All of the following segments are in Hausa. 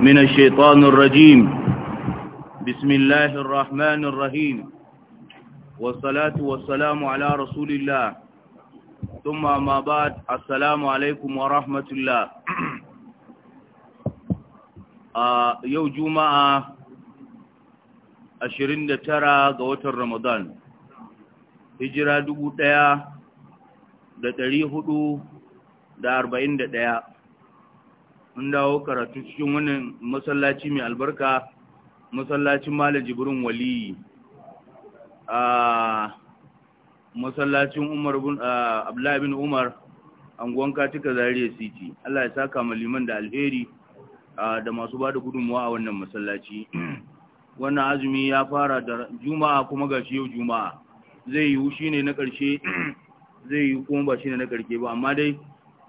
من الشيطان الرجيم بسم الله الرحمن الرحيم والصلاة والسلام على رسول الله ثم ما بعد السلام عليكم ورحمة الله يو جمعة ashirin da tara ga watan Ramadan, hijira dubu ɗaya da ɗari hudu da arba'in da ɗaya, mun dawo karatu cikin wannan masallaci mai albarka masallacin malam jibrin waliyi a masallacin umar bin abdullahi bin umar anguwan katika zariya city Allah ya saka mu liman da alheri da masu ba da gudunmuwa a wannan masallaci wannan azumi ya fara da juma'a kuma ga shi yau juma'a zai yiwu shine na karshe zai yiwu kuma ba ne na ƙarshe ba amma dai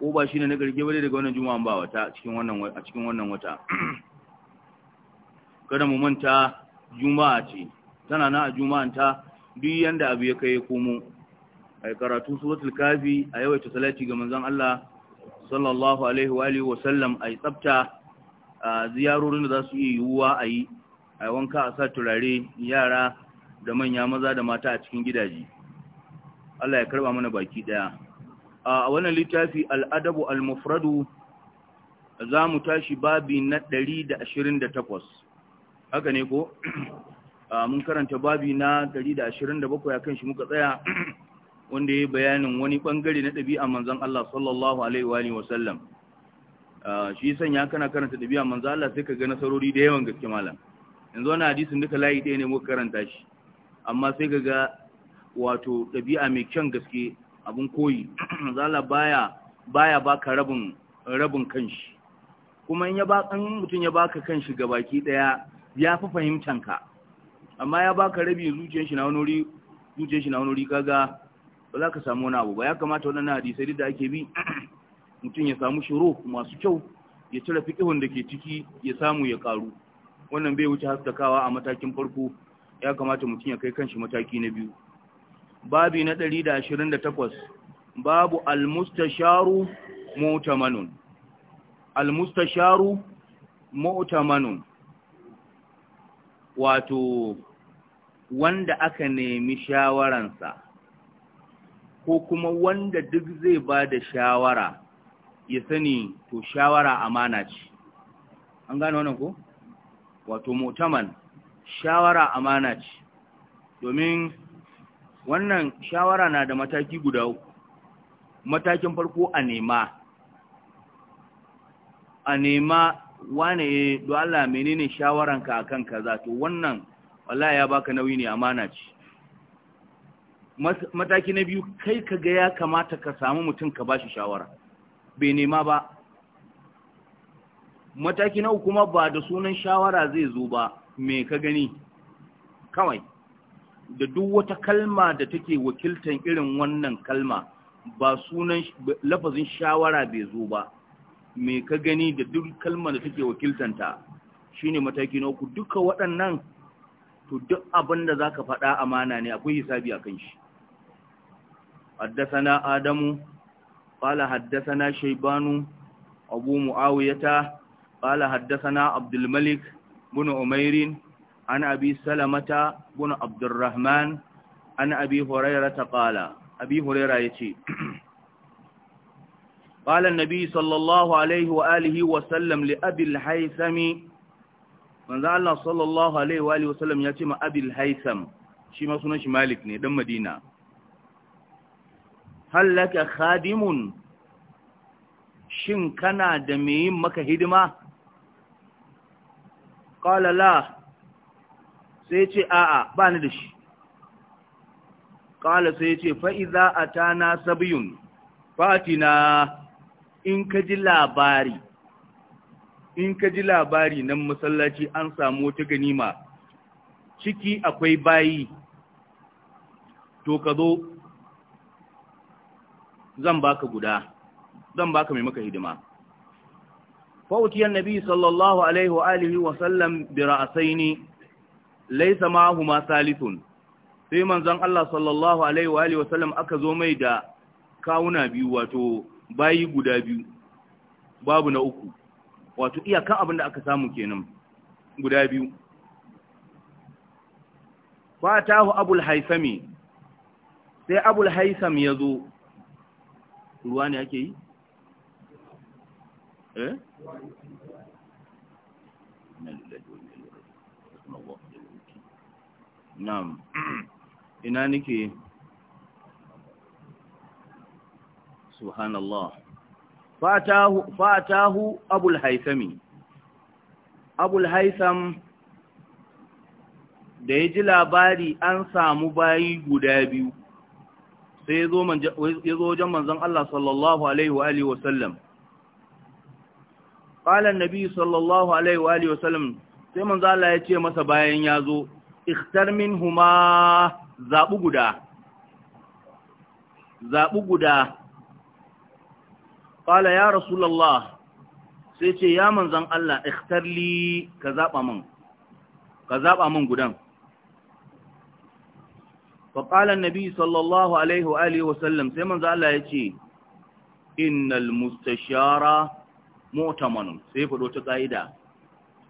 ko ba ne na garge bane daga wannan juma'an ba wata a cikin wannan wata kada mu manta juma'a ce tana na a juma'an ta duk yanda abu ya kai komo ai karatu suratul kafi a yawaita salati ga manzon Allah sallallahu alaihi wa alihi wa sallam ai tsafta ziyarorin da za su yi yiwuwa a yi a wanka a sa turare yara da manya maza da mata a cikin gidaje Allah ya karba mana baki daya a wannan littafi al'adabu al-mufradu za mu tashi babi na 128 haka ne ko mun karanta babi na 127 akan shi muka tsaya wanda ya bayanin wani bangare na ɗabi'a manzan Allah sallallahu alaihi wa sallam shi ya kana karanta ɗabi'a manzan Allah sai ka ga nasarori da yawan gaske malam yanzu wani hadisin duka layi ɗaya ne muka karanta shi amma sai ka ga wato ɗabi'a mai kyan gaske abin koyi zala baya baya baka rabin rabin kanshi kuma in ya ba kan mutum ya baka kanshi ga baki daya ya fi fahimtan ka amma ya baka rabi zuciyar shi na wani wuri zuciyar shi na wani wuri kaga ba za ka samu wani abu ba ya kamata wannan hadisai da ake bi mutum ya samu shiro masu kyau ya cire fiƙihun da ke ciki ya samu ya karu wannan bai wuce haskakawa a matakin farko ya kamata mutum ya kai kanshi mataki na biyu babi na 128 babu almustasharu mu'tamanun almustasharu mu'tamanun wato wanda aka nemi shawaransa ko kuma wanda duk zai ba da shawara ya sani to shawara amana ce an gane wannan ko wato mu'taman shawara amana ce domin wannan shawara na da mataki guda uku matakin farko a nema a nema wane do Allah menene shawaranka akan kaza to wannan wallahi ya baka nauyi ne amana ce mataki na biyu kai ka ga ya kamata ka samu mutum ka bashi shawara bai nema ba mataki na uku kuma ba da sunan shawara zai zo ba me ka gani kawai da duk wata kalma da take wakiltan irin wannan kalma ba sunan lafazin shawara bai zo ba me ka gani da duk kalma da take wakiltanta shine mataki na uku duka waɗannan to duk abin da zaka faɗa amana ne akwai hisabi a kan shi حدثنا adamu قال حدثنا Shaibanu, Abu mu'awiyata, قال حدثنا عبد الملك بن عن أبي سلمة بن عبد الرحمن عن أبي هريرة قال أبي هريرة يتي قال النبي صلى الله عليه وآله وسلم لأبي الهيثم من ذا الله صلى الله عليه وآله وسلم يتي ما أبي الهيثم شي ما سنش مالك ني دم مدينة هل لك خادم shin kana da mai yin maka hidima? Ƙala la, sai ce a'a ba ni da shi ƙala sai ce fa'iza a ta na sabiyun fatina in ka ji labari in ka ji labari nan masallaci an samu ta ganima ciki akwai bayi to ka zo zan baka guda zan baka mai maka hidima fautiyar nabi sallallahu alaihi wa alihi wasallam bi ra'asaini laisa ma salithun sai manzon Allah sallallahu alaihi wa alihi sallam aka zo mai da kawuna biyu wato bayi guda biyu babu na uku wato iyakan abin da aka samu kenan guda biyu fatahu abul haisami sai abul haisam ya zo ruwa ne ake yi? eh? Nam, ina nike, subhanallah fatahu fatahu abul haisami, abul haisam da ya ji labari an samu bayi guda biyu sai ya zo wajen manzon Allah sallallahu alaihi wa alihi wasallam qala an-nabi sallallahu alaihi wa alihi wasallam sai manzo Allah ya ce masa bayan ya zo ikhtar min minhuma zaɓi guda zaɓi guda ƙala ya rasulallah sai ce ya manzan Allah ikhtarli ka zaɓa min ka zaɓa min gudan faƙalan nabi sallallahu alaihi wa alihi wasallam sai manzan Allah ya ce innal mustashara mu'tamanun sai faɗo ta ƙa'ida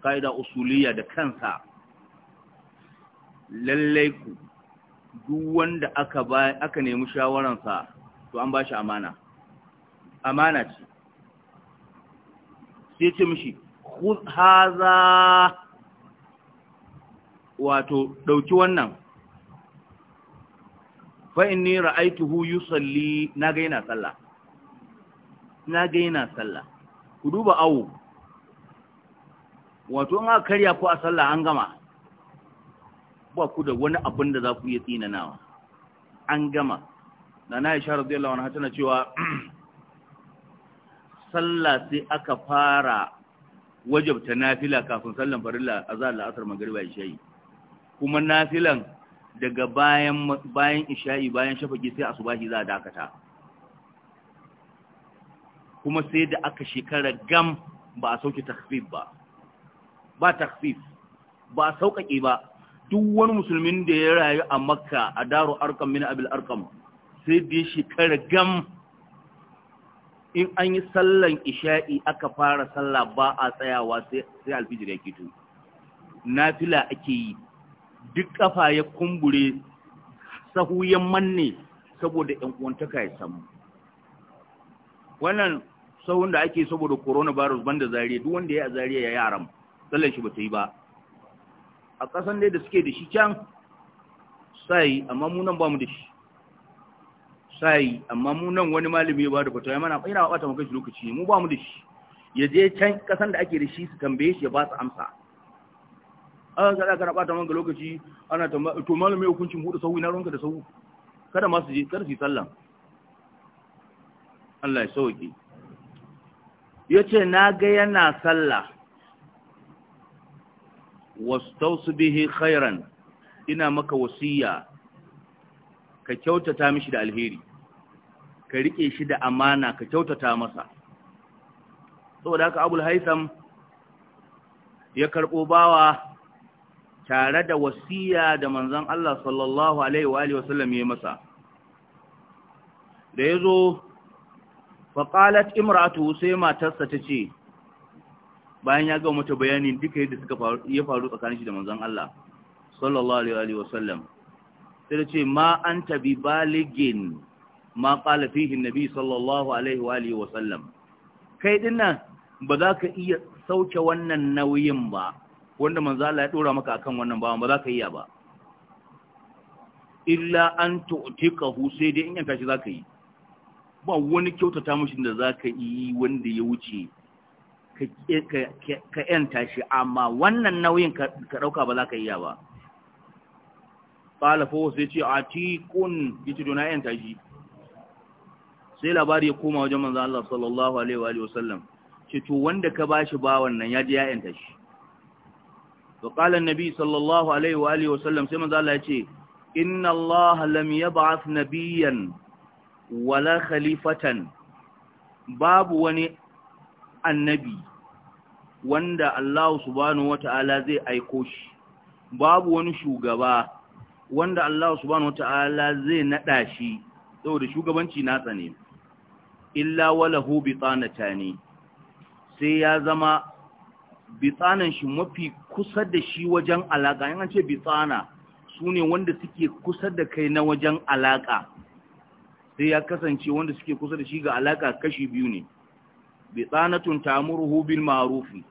ƙa'ida usuliya da kansa lallai ku duk wanda aka ba aka nemi shawaransa to an ba shi amana amana ce sai ce mishi haza wato dauki wannan fa inni ra'aytuhu yusalli naga yana Na naga yana salla. ku duba awo wato in aka karya ko a salla an gama ba ku da wani abin da za ku iya tsinanawa an gama da na isha radiyallahu anha tana cewa sallah sai aka fara wajabta nafila kafin sallan farilla azhar la'asar magriba isha'i kuma nafilan daga bayan bayan bayan shafaqi sai asubahi za a dakata kuma sai da aka shekara gam ba a sauke takhfif ba ba takhfif ba a sauƙaƙe ba duk wani musulmin da ya rayu a makka a daru arkam min abil arkam sai da ya shekara gam in an yi sallan isha'i aka fara sallah ba a tsayawa sai alfijir ya kito fila ake yi duk kafa ya kumbure sahu ya manne saboda yan uwantaka ya samu wannan sahun da ake saboda coronavirus banda zariya duk wanda ya yi a zariya ya yi haram sallan shi ba ta yi ba a ƙasan dai da suke da shi can sai amma mu nan ba mu da shi sai amma mu nan wani malami ba da ya mana ina ba ta maka shi lokaci mu ba mu da shi ya je can ƙasan da ake da shi su tambaye shi ya ba su amsa an ah, ga kana bata maka lokaci ana tambaya to malami hukuncin hudu sahu na ranka da sahu kada ma su je kar su sallah Allah ya sauke yace na ga yana sallah wastausu bihi khairan ina maka wasiya ka kyautata mishi da alheri ka rike shi da amana ka kyautata masa saboda haka abul haitham ya karbo bawa tare da wasiya da manzon Allah sallallahu alaihi wa alihi wasallam ya masa da yazo faqalat imratu sai matarsa tace bayan ya gama mata bayanin duka yadda suka faru ya faru tsakanin shi da manzon Allah sallallahu alaihi wa sallam sai da ce ma anta bi baligin ma qala fihi annabi sallallahu alaihi wa alihi wa sallam kai dinnan ba za ka iya sauke wannan nauyin ba wanda manzo Allah ya dora maka akan wannan ba ba za ka iya ba illa an tu'tikahu sai dai in yanka shi za ka yi ba wani kyautata mushin da za ka yi wanda ya wuce ka ‘yanta shi, amma wannan nauyin ka ɗauka ba za ka yi ya ba. Ƙalafo sai ce, a tikun yace dona ‘yanta shi, sai labari ya koma wajen manzan Allah sallallahu Alaihi wasallam, ce, to wanda ka ba shi ba wannan ya ji ya ‘yanta shi. Wa ƙalan Nabi sallallahu Alaihi wasallam sai manzan Allah ya ce, Inna Allah lam yab'ath Nabiyan, wala khalifatan babu wani annabi wanda Allah subhanahu wata'ala zai aiko shi babu wani shugaba wanda Allah subhanahu wata'ala zai nada shi saboda shugabanci nasa ne illa walahu bitanata ne sai ya zama bitsanan shi mafi kusa da shi wajen alaka yan ce bitsana su ne wanda suke kusa da kai na wajen alaka sai ya kasance wanda suke kusa da shi ga alaka kashi biyu ne bitanatun tamuruhu bil ma'rufi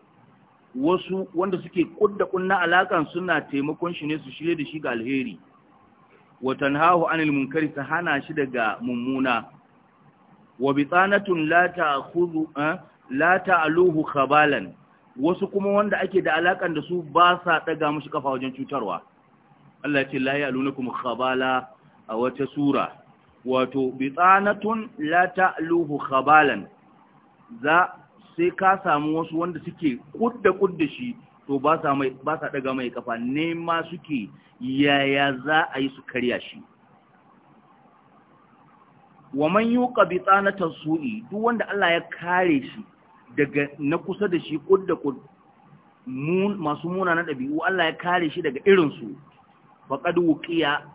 wasu wanda suke kudda kunna alakan suna taimakon shi ne su shirye da shi ga alheri wa tanhahu anil munkari ta hana shi daga mummuna wa bitanatun la ta'khudhu eh, la ta'aluhu khabalan wasu kuma wanda ake da alakan da su ba sa daga mushi kafa wajen cutarwa Allah ce la ya'lunukum khabala a wata sura wato bitanatun la ta'aluhu khabalan za sai ka samu wasu wanda suke kudda kudda shi to ba sa mai ba sa daga mai kafa nema suke yaya za a yi su karya shi wa man yuqa bi tsanatan su'i duk wanda Allah ya kare shi daga na kusa da shi kudda kud masu na dabi'u Allah ya kare shi daga irinsu. su faqad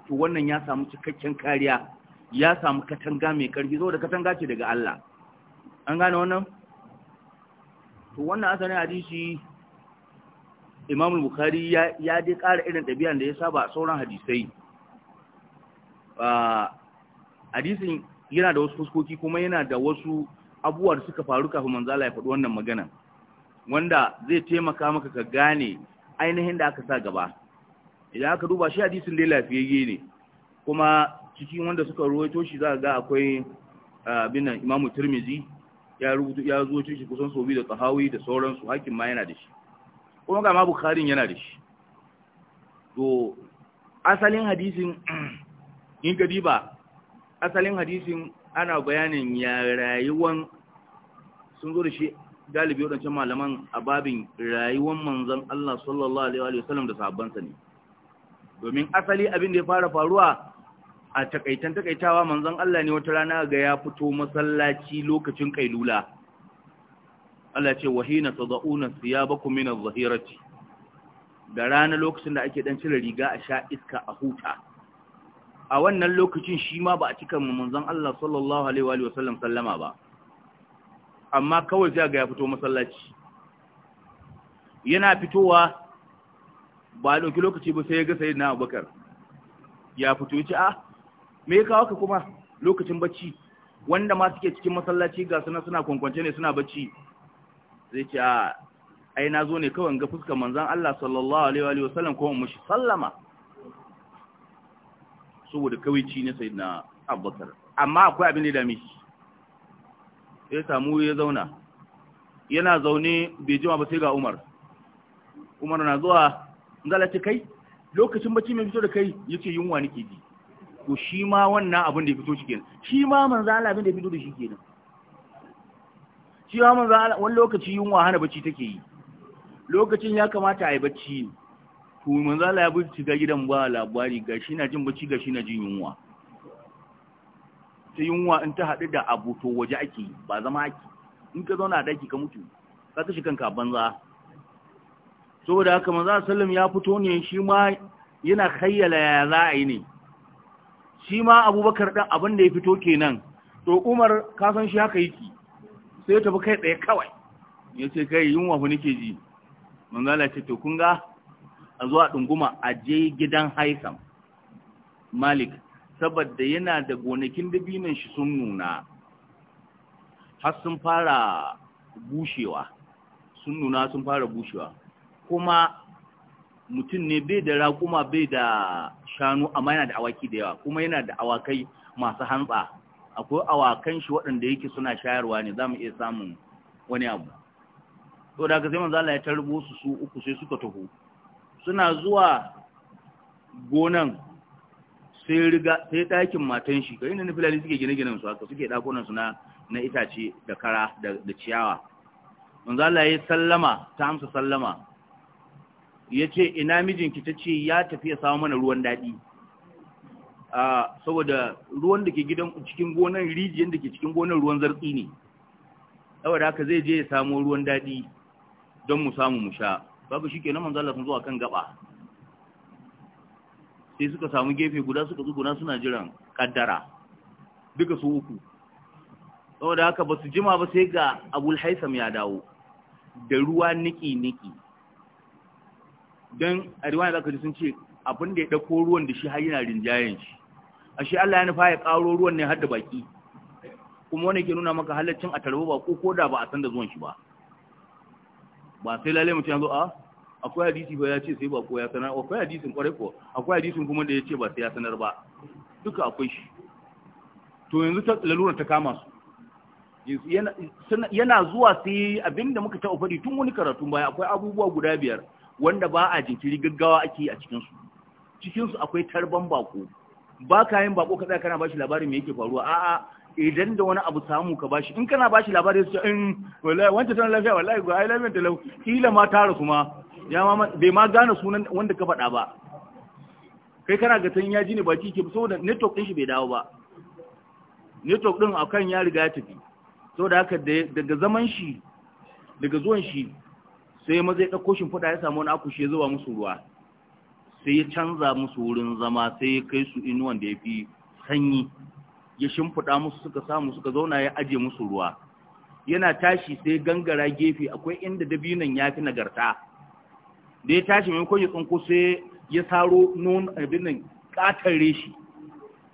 to wannan ya samu cikakken kariya ya samu katanga mai karfi saboda katanga ce daga Allah an gane wannan to wannan asalin hadisi imam bukhari ya dai ƙara irin ɗabi'an da ya saba sauran hadisai hadisin yana da wasu fuskoki kuma yana da wasu abubuwa da suka faru kafin Allah ya faɗi wannan magana wanda zai taimaka maka ka gane ainihin da aka sa gaba idan aka duba shi hadisin dai lafiyayye ne kuma cikin wanda suka ruwaito shi za ga akwai abin binan Imam Tirmidhi ya rubuta ya zo shi kusan sau biyu da tsahawi da sauransu hakin ma yana da shi kuma ga ma bukharin yana da shi to asalin hadisin in ka diba asalin hadisin ana bayanin ya rayuwan sun zo da shi galibi waɗancan malaman a babin rayuwan manzon Allah sallallahu alaihi wasallam da sabbansa ne domin asali abin da ya fara faruwa a takaitan takaitawa manzon Allah ne wata rana ga ya fito masallaci lokacin kailula Allah ce wahina tad'una siyabakum min adh-dhahirati da rana lokacin da ake dan cire riga a sha iska a huta a wannan lokacin shi ma ba a cika manzon Allah sallallahu alaihi wa sallam sallama ba amma kawai sai ga ya fito masallaci yana fitowa ba a ɗauki lokaci ba sai ya ga sayyidina Abubakar ya fito ce a ah, me ya haka kuma lokacin bacci wanda ma suke cikin masallaci ga suna suna kwankwance ne suna bacci zai ce a ai na zo ne kawai ga fuskar manzan Allah sallallahu alaihi wa sallam kuma mushi sallama saboda kawaici ne sai na abubakar amma akwai abin da dami ya samu ya zauna yana zaune bai jima ba sai ga umar umar na zuwa ngala kai lokacin bacci mai fito da kai ya ce yunwa nake ji to shi ma wannan abin da ya fito shi kenan shi ma manzo Allah abin da ya fito da shi kenan shi ma manzo Allah wani lokaci yunwa hana bacci take yi lokacin ya kamata a yi bacci to manzo Allah ya bi ga gidan ba labari gashi na jin bacci gashi na jin yunwa sai yunwa in ta haɗu da abu to waje ake ba zama ake in ka zauna a daki ka mutu ka kashe kanka banza saboda haka manzo sallam ya fito ne shi ma yana khayyala ya za a yi ne shi ma abubakar ɗan abin da ya fito kenan to umar kasan shi haka yake sai ya tafi kai ɗaya kawai ya ce kai yunwa ku nake ji manzala ce to kun ga a zuwa ɗunguma a je gidan haisam malik saboda yana da gonakin dabinan shi sun nuna har sun fara bushewa sun nuna sun fara bushewa kuma mutum ne bai da raƙuma bai da shanu amma yana da awaki da yawa kuma yana da awakai masu hantsa akwai awakan shi waɗanda yake suna shayarwa ne za mu iya samun wani abu to da ka sai manzo Allah ya tarbo su su uku sai suka taho suna zuwa gonan sai riga sai ɗakin matan shi ga inda na filali suke gine-ginen su haka suke ɗakunan su na itace da kara da ciyawa manzo ya sallama ta amsa sallama ya ce ina mijinki ta ce ya tafi ya samu mana ruwan daɗi saboda ruwan da ke gidan cikin gonan rijiyar da ke cikin gonan ruwan zartsi ne saboda haka zai je ya samo ruwan daɗi don mu samu mu sha babu shi ke na manzala sun zuwa kan gaba sai suka samu gefe guda suka tsuguna suna jiran kaddara duka su uku saboda haka ba su jima ba sai ga abul haisam ya dawo da ruwa niki niki don a riwaya za ka ji sun ce abin da ya ɗauko ruwan da shi har yana rinjayen shi a shi Allah ya nufa ya ƙaro ruwan ne har da baki kuma wani ke nuna maka halaccin a tarbi ba ko da ba a san da zuwan shi ba ba sai lalle mutum ya zo a ah, akwai hadisi ba ya ce sai ba ko ya sanar akwai hadisin kwarai ko akwai hadisin kuma da ya ce ba sai ya sanar ba duka akwai shi to yanzu ta lalura ta kama su yana zuwa sai abinda muka taɓa faɗi tun wani karatun baya akwai abubuwa guda biyar wanda ba a jinkiri gaggawa ake a cikinsu cikinsu akwai tarban bako ba ka yin bako kaɗa kana ba shi labarin me yake faruwa a'a idan da wani abu samu ka ba shi in kana ba shi labarin su in wallahi wanda tana lafiya wallahi ga ai lafiya talau kila ma tara kuma ya ma bai ma gane sunan wanda ka faɗa ba kai kana ga tan yaji ne ba ki ke saboda network din shi bai dawo ba network din akan ya riga ya tafi saboda haka daga zaman shi daga zuwan shi sai maza ya ɗauko shimfiɗa ya samu wani akushi ya zuba musu ruwa sai ya canza musu wurin zama sai ya kai su inuwan da ya fi sanyi ya shimfiɗa musu suka samu suka zauna ya aje musu ruwa yana tashi sai gangara gefe akwai inda dabinan ya fi nagarta da ya tashi mai kwanye tsinko sai ya saro nun abinan ƙatar reshi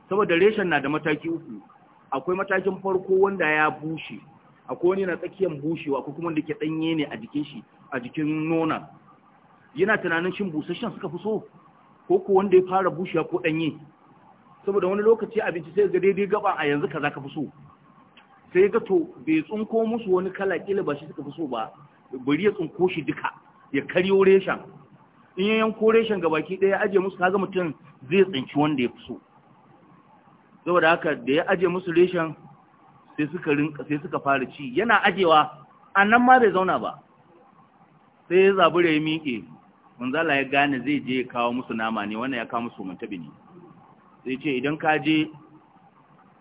saboda reshen na da mataki uku akwai matakin farko wanda ya bushe akwai wani na tsakiyar bushewa ko kuma da ke ɗanye ne a jikin shi a jikin nona yana tunanin shin busasshen suka fi so ko ko wanda ya fara bushewa ko danye saboda wani lokaci abinci sai ga daidai gaba a yanzu kaza ka fi so sai ga to bai tsunko musu wani kala kila ba shi suka fi so ba bari ya tsunko shi duka ya karyo reshen in ya yanko reshen ga baki ɗaya aje musu kaga mutum zai tsinci wanda ya fi so saboda haka da ya aje musu reshen sai suka rinka sai suka fara ci yana ajewa annan ma bai zauna ba sai ya zabura ya miƙe manzala ya gane zai je ya kawo musu nama ne wannan ya kawo musu mantabi ne sai ce idan ka je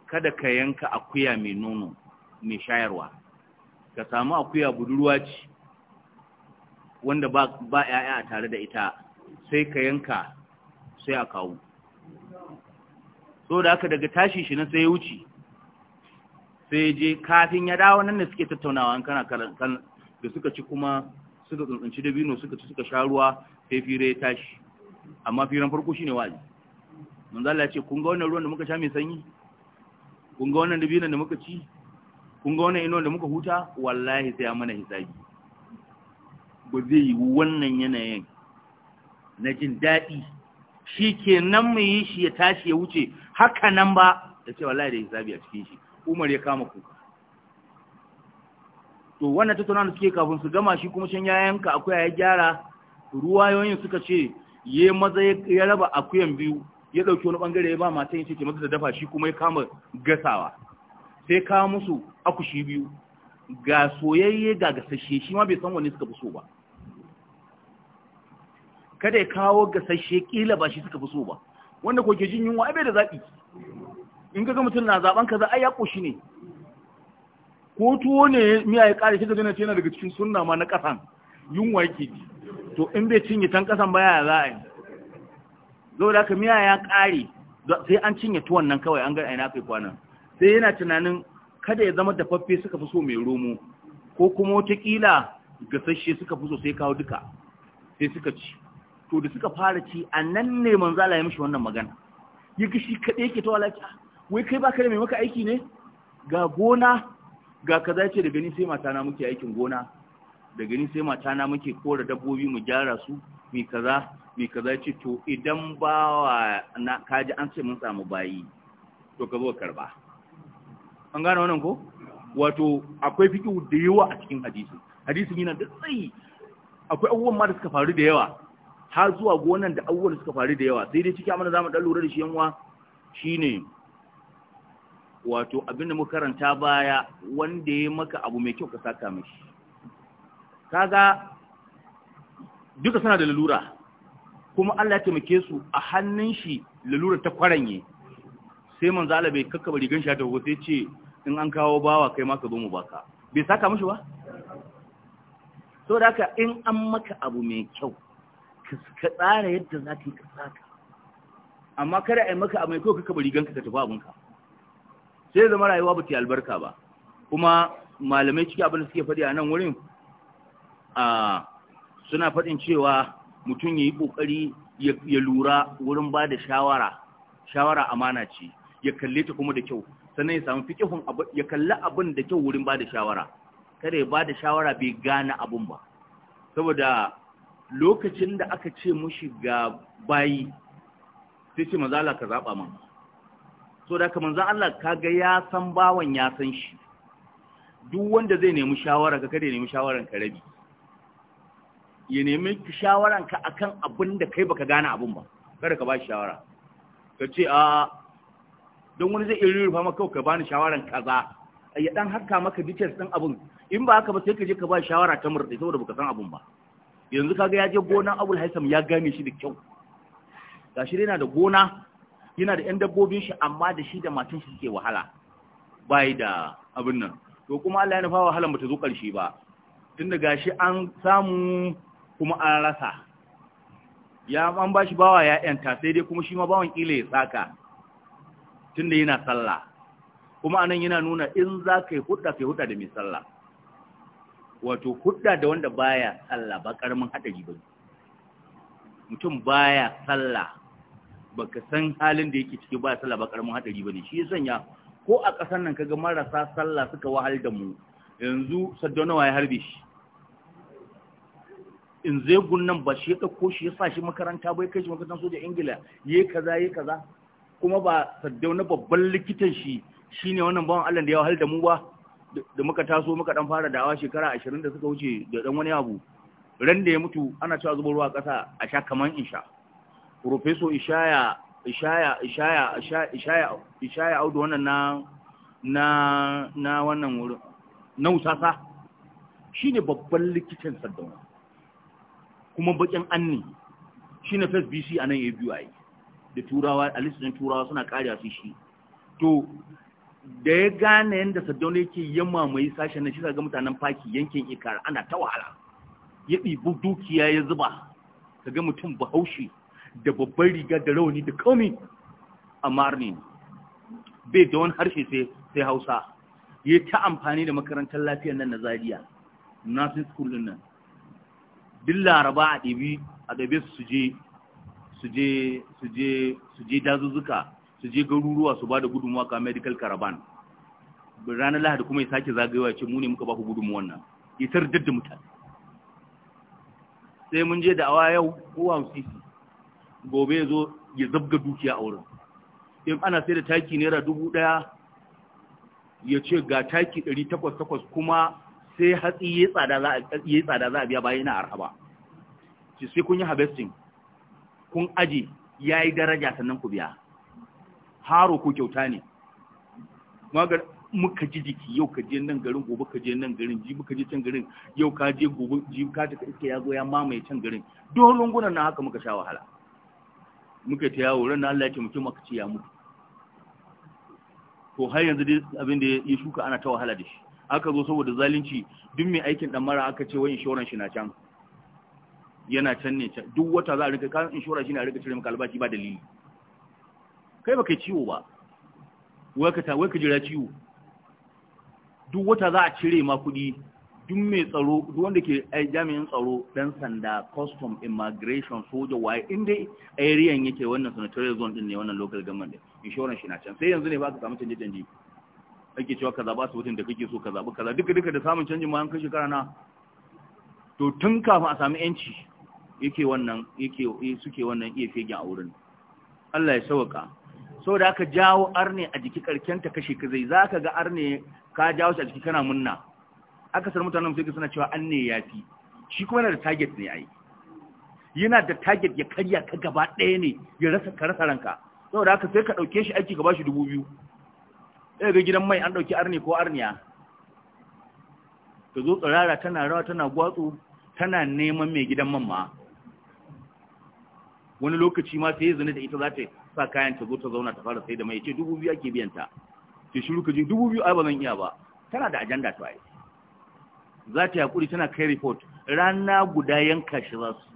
kada ka yanka akuya mai nono mai shayarwa ka samu akuya budurwa ce wanda ba ba a tare da ita sai ka yanka sai a kawo so da aka daga tashi shi na sai ya wuce sai je kafin ya dawo nan da suke tattaunawa an kana da suka ci kuma suka tsuntsunci dabino suka ci suka sha ruwa sai fira ya tashi amma firan farko shine wa'azi manzo Allah ya ce kun ga wannan ruwan da muka sha mai sanyi kun ga wannan dabino da muka ci kun ga wannan inuwan da muka huta wallahi sai ya mana hisabi ba zai yi wannan yanayin na jin daɗi shi ke nan mu yi shi ya tashi ya wuce haka nan ba da ce wallahi da hisabi a cikin shi umar ya kama kuka to wannan tattauna da suke kafin su gama shi kuma can ya yanka akuya ya gyara ruwayoyin suka ce ya maza ya raba akuyan biyu ya ɗauki wani ɓangare ya ba matan ya ce maza da dafa shi kuma ya kama gasawa sai kawo musu akushi biyu ga soyayye ga gasashe shi ma bai san wani suka fi so ba kada ya kawo gasashe kila ba shi suka fi so ba wanda ko ke jin yunwa ai bai da zaɓi in ga mutum na zaben kaza ai ya ƙoshi ne ko tuwo ne miya ya kare shi da jana yana daga cikin sunna ma na kasan yunwa yake ji to in bai cinye tan kasan ba ya za a yi Zau da ka miya ya kare sai an cinye tuwon nan kawai an ga aina kai kwana sai yana tunanin kada ya zama dafaffe suka fi so mai romo ko kuma wataƙila sashe suka fi so sai kawo duka sai suka ci to da suka fara ci a nan ne la ya mishi wannan magana ya gishi kaɗai yake ta walaki ah, wai kai baka da mai maka aiki ne ga gona ga kaza ce daga ni sai mata na muke aikin gona daga ni sai mata na muke kora dabbobi mu gyara su mai kaza mai kaza ce to idan bawa na kaji an ce mun samu bayi to ka zo karba an gane wannan ko wato akwai fikihu da yawa a cikin hadisi hadisin yana da tsayi akwai abubuwan ma da suka faru da yawa har zuwa gonan da abubuwan suka faru da yawa sai dai ciki amma zamu dan lura da shi yanwa shine wato abinda muka karanta baya wanda ya maka abu mai kyau ka saka mishi kaga duka suna da lalura kuma Allah ya taimake su a hannun shi lalura ta kwaranye sai manzo Allah bai kakkaba rigan shi ta go sai ce in an kawo bawa kai ma ka zo mu baka bai saka mishi ba saboda haka in an maka abu mai kyau ka tsara yadda za ka yi ka saka amma kada a yi maka abu mai kyau ka kaba riganka ka tafi abinka sai zama rayuwa ba ta albarka ba kuma malamai ciki abin da suke faɗi a nan wurin suna faɗin cewa mutum ya yi ƙoƙari ya lura wurin ba da shawara shawara amana ce ya kalle ta kuma da kyau sannan ya samu fikihun ya kalli abin da kyau wurin ba da shawara kada ya ba da shawara bai gane abin ba saboda lokacin da aka ce mushi ga bayi sai ce mazala ka zaɓa min. so da kaman zan Allah kaga ya san bawan ya san shi duk wanda zai nemi shawara ka kada ya nemi shawaran ka rabi ya nemi shawaran ka akan abin da kai baka gane abin ba kada ka ba shi shawara ka ce a don wani zai iri-iri rufa maka ka bani shawaran kaza ya dan haka maka details din abin in ba haka ba sai ka je ka ba shawara ta murdi saboda baka san abin ba yanzu kaga ya je gonan Abul Haisam ya gane shi da kyau gashi yana da gona yana da 'yan dabbobin shi amma da shi da matan shi suke wahala bai da abin nan to kuma Allah ya nufa wahalan bata zo ƙarshe ba tun gashi an samu kuma an rasa ya an ba shi bawa ya yanta sai dai kuma shi ma bawan kila ya tsaka tun yana sallah kuma anan yana nuna in za ka yi hudda ka hudda da mai sallah wato hudda da wanda baya sallah ba karamin hadari ba mutum baya sallah baka san halin da yake ciki ba sallah ba karamin hadari bane shi sanya ko a ƙasar nan kaga marasa sallah suka wahal da mu yanzu nawa ya harbe shi in zai gun nan ba shi ya ɗauko shi ya sa shi makaranta bai kai shi makarantar soja ingila ya kaza ya kaza kuma ba na babban likitan shi shine wannan bawan allah da ya wahal da mu ba da muka taso muka dan fara da'awa shekara ashirin da suka wuce da dan wani abu ran da ya mutu ana cewa zuba ruwa ƙasa a sha kaman in sha Profeso ishaya ishaya ishaya ishaya ishaya audu wannan na na na wannan wurin na usasa shine babban likitan sardauna kuma bakin anni shine first bc a nan abi da turawa a listin turawa suna kariya su shi to da ya gane yadda sardauna yake yamma mai sashen na shi ga mutanen faki yankin Ikara ana ta wahala ya dukiya ya zuba kaga mutum bahaushe da babban riga da rauni da komi a marni bai da wani harshe sai hausa ya ta amfani da makarantar lafiyar nan na zariya nursing school din nan duk laraba a ɗabi a ɗabe su je su su je dazuzzuka su garuruwa su ba da gudunmuwa ga medical caravan ranar lahadi kuma ya sake zagayewa ce mu ne muka ba ku gudunmuwan nan ya tar da mutane sai mun je da awa yau ko musisi gobe ya zo ya zabga dukiya a wurin in ana sai da taki naira dubu ɗaya ya ce ga taki ɗari takwas takwas kuma sai hatsi ya yi tsada za a biya bayan na ba, ci sai kun yi harvesting kun aji ya yi daraja sannan ku biya haro ko kyauta ne muka ji jiki yau ka je nan garin gobe ka je nan garin ji muka je can garin yau ka je gobe ji ka ta iska ya zo ya mamaye can garin don lungunan na haka muka sha wahala muka ta yawo ran Allah ya ce mutum aka ce ya mutu to har yanzu dai abin da ya shuka ana ta wahala da shi aka zo saboda zalunci duk mai aikin dan mara aka ce wai insurance shi na can yana can ne duk wata za a rika kan insurance shi ne a rika cire maka albashi ba dalili kai baka ciwo ba wai ka ta wai ka jira ciwo duk wata za a cire ma kuɗi duk mai tsaro duk wanda ke eh, jami'in tsaro dan sanda custom immigration soja waye in dai area yake wannan sanitary zone din ne wannan local government insurance shi na can sai yanzu ne ba ka samu canje canje ake cewa kaza ba su wutin da kake so ka zabi kaza duka duka da samun canjin ma an kai shekara na to tun kafin a sami yanci yake wannan yake suke wannan iya fegen a wurin Allah ya sauka saboda aka jawo arne a jiki karkenta kashe ka zai zaka ga arne ka jawo shi a jiki kana munna akasar mutanen sai suna cewa an ne yafi shi kuma yana da target ne ai yana da target ya karya ka gaba ɗaya ne ya rasa ka rasa ranka saboda haka sai ka ɗauke shi aiki ka bashi dubu biyu ɗaya ga gidan mai an ɗauki arni ko arniya ta zo tsirara tana rawa tana gwatsu tana neman mai gidan man ma wani lokaci ma sai zane da ita za ta sa kayan ta zo ta zauna ta fara sai da mai ce dubu biyu ake biyan ta ce shiru ka ji dubu biyu ai ba zan iya ba tana da ajanda ta ai za ta yakuri tana kai report rana guda yanka shi za su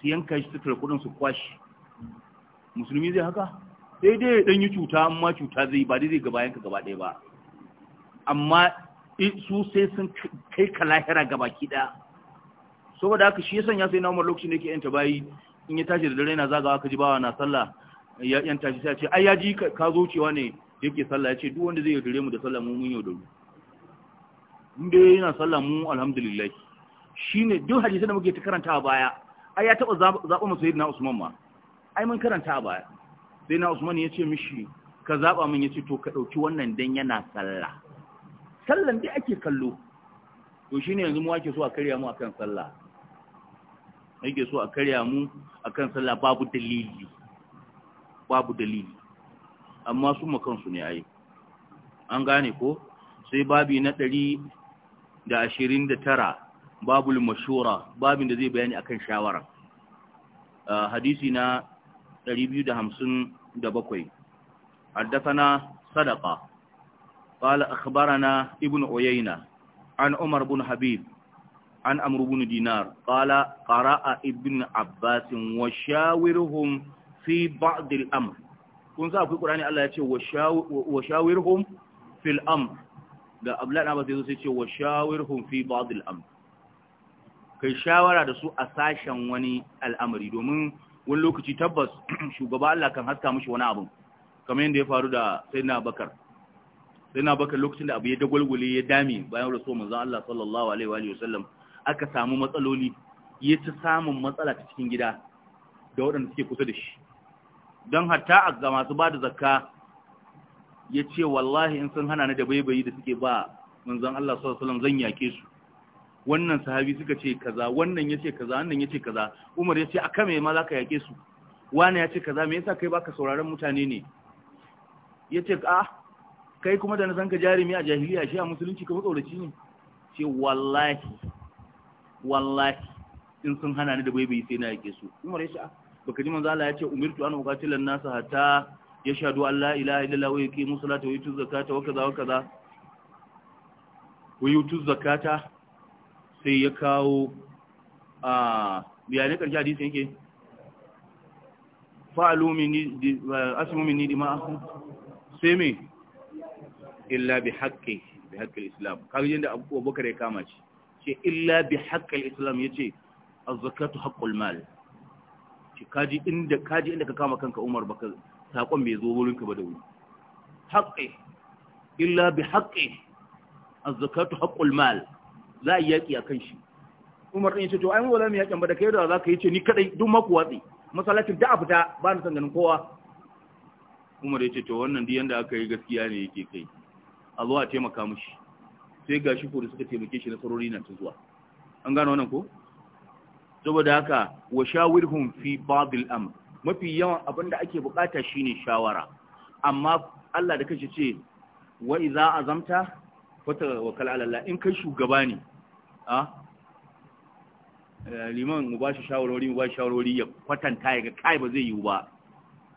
su yanka shi tattara kudin su kwashi musulmi zai haka sai dai ya ɗanyi cuta amma cuta zai ba dai zai gaba yanka gaba ɗaya ba amma su sai sun kai ka lahira gaba ki ɗaya saboda haka shi ya sanya sai na umar lokacin da yake yanta bayi in ya tashi da dare na zagawa ka ji bawa na sallah ya yanta shi sai ce ai ya ji ka zo cewa ne yake sallah ya ce duk wanda zai yaudare mu da sallah mu mun yaudaru in ya yana sallah mu alhamdulillah Shi ne, duk hadisi da muke ta karanta a baya ai ya taba masu yi na Usman ma ai mun karanta a baya Sai na Usman ya ce mishi ka zaɓa min ya ce to ka ɗauki wannan dan yana sallah sallan dai ake kallo to shi ne yanzu mu ake so a karya mu akan sallah ake so a karya mu akan sallah babu dalili babu dalili amma su makansu ne a yi. an gane ko sai babi na ɗari da ashirin da tara babu mashura babin da zai bayani akan shawara hadisi na ɗari biyu da hamsin da bakwai haddafana sadaka ƙala akhbarana ibn uyayna an umar ibn habib an amru dinar ƙala qara'a ibn abbas wa shawirhum fi kun sa akwai qur'ani Allah ya ce wa shawirhum fil amr da abulana ba sai sai ce wa shawirhum fi ba'd al-amr kai shawara da su a sashen wani al'amari domin wani lokaci tabbas shugaba Allah kan haska mishi wani abu kamar yadda ya faru da sayyidina Bakar sayyidina Bakar lokacin da abu ya dagwalgwale ya dame bayan rasul manzon Allah sallallahu alaihi wa alihi wasallam aka samu matsaloli ya ci samun matsala ta cikin gida da waɗanda suke kusa da shi don hatta a ga masu ba da zakka ya ce wallahi in sun hana ni da baibayi da suke ba manzon Allah sallallahu alaihi wasallam zan yake su wannan sahabi suka ce kaza wannan ya ce kaza wannan ya ce kaza Umar ya ce aka me ma ka yake su wani ya ce kaza me yasa kai baka sauraron mutane ne Ya ce a ah, kai kuma da na san ka jarumi a jahiliya shi a musulunci ka matsoraci ne ce wallahi wallahi in sun hana ni da baibayi sai na yake su Umar ya ce yace ah, baka ji manzo Allah ce umirtu an uqatilan nasa hatta yashhadu an Allah ilaha illallah wa yuqimu musulata wa yutu zakata wa kaza wa kaza wa yutu zakata sai ya kawo a bayanai karshe hadisi yake fa'alu minni asmu minni dima'akum sai me illa bi haqqi bi haqqi islam kaga yanda Abu Bakar ya kama shi ce illa bi haqqi islam yace az-zakatu haqqul mal ce kaji inda kaji inda ka kama kanka Umar baka saƙon bai zo wurinka ba da wuri haƙƙe illa bi a zakatu haƙƙul mal za a yi a kan shi Umar din ce to ai wala mu yaƙi ba da kai da za ka yi ce ni kadai duk maku watsi masalacin da a fita ba ni san ganin kowa Umar ya ce to wannan duk yanda aka yi gaskiya ne yake kai a zuwa taimaka mushi sai gashi ko da suka taimake shi sarori na ta zuwa an gano wannan ko saboda haka wa shawirhum fi ba mafi yawan abin da ake bukata shine shawara amma Allah da kace ce wa idza azamta fatawakkal ala Allah in kai shugaba ne a eh, liman mu ba shi shawarwari mu ba shi shawarwari ya kwatanta ya ga kai ba zai yi ba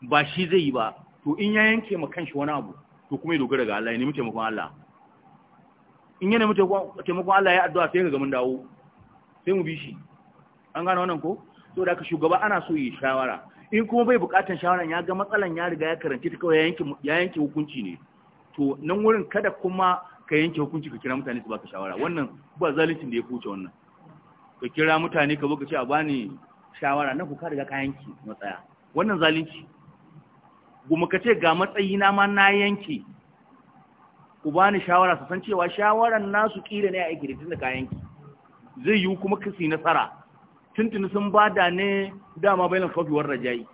ba shi zai yi ba to in ya yanke ma kanshi wani abu to kuma ya dogara ga Allah ya nemi taimakon Allah in ya nemi taimakon Allah ya addu'a sai ka ga mun dawo sai mu bi shi an gane wannan ko to da ka shugaba ana so yi shawara in kuma bai bukatar shawara ya ga matsalan ya riga ya karanci ta kawai ya yanke hukunci ne to nan wurin kada kuma ka yanke hukunci ka kira mutane su baka shawara wannan ba zalincin da ya kuce wannan ka kira mutane ka ka ce a bani shawara na kuka ka riga ka yanke matsaya wannan zalunci kuma ka ce ga matsayi na ma na yanke ku bani shawara su san cewa shawaran nasu kila ne a ikirin da tun da ka yanke zai yi kuma kasi nasara tuntuni sun ba da ne dama bayan khawfi rajayi raja'i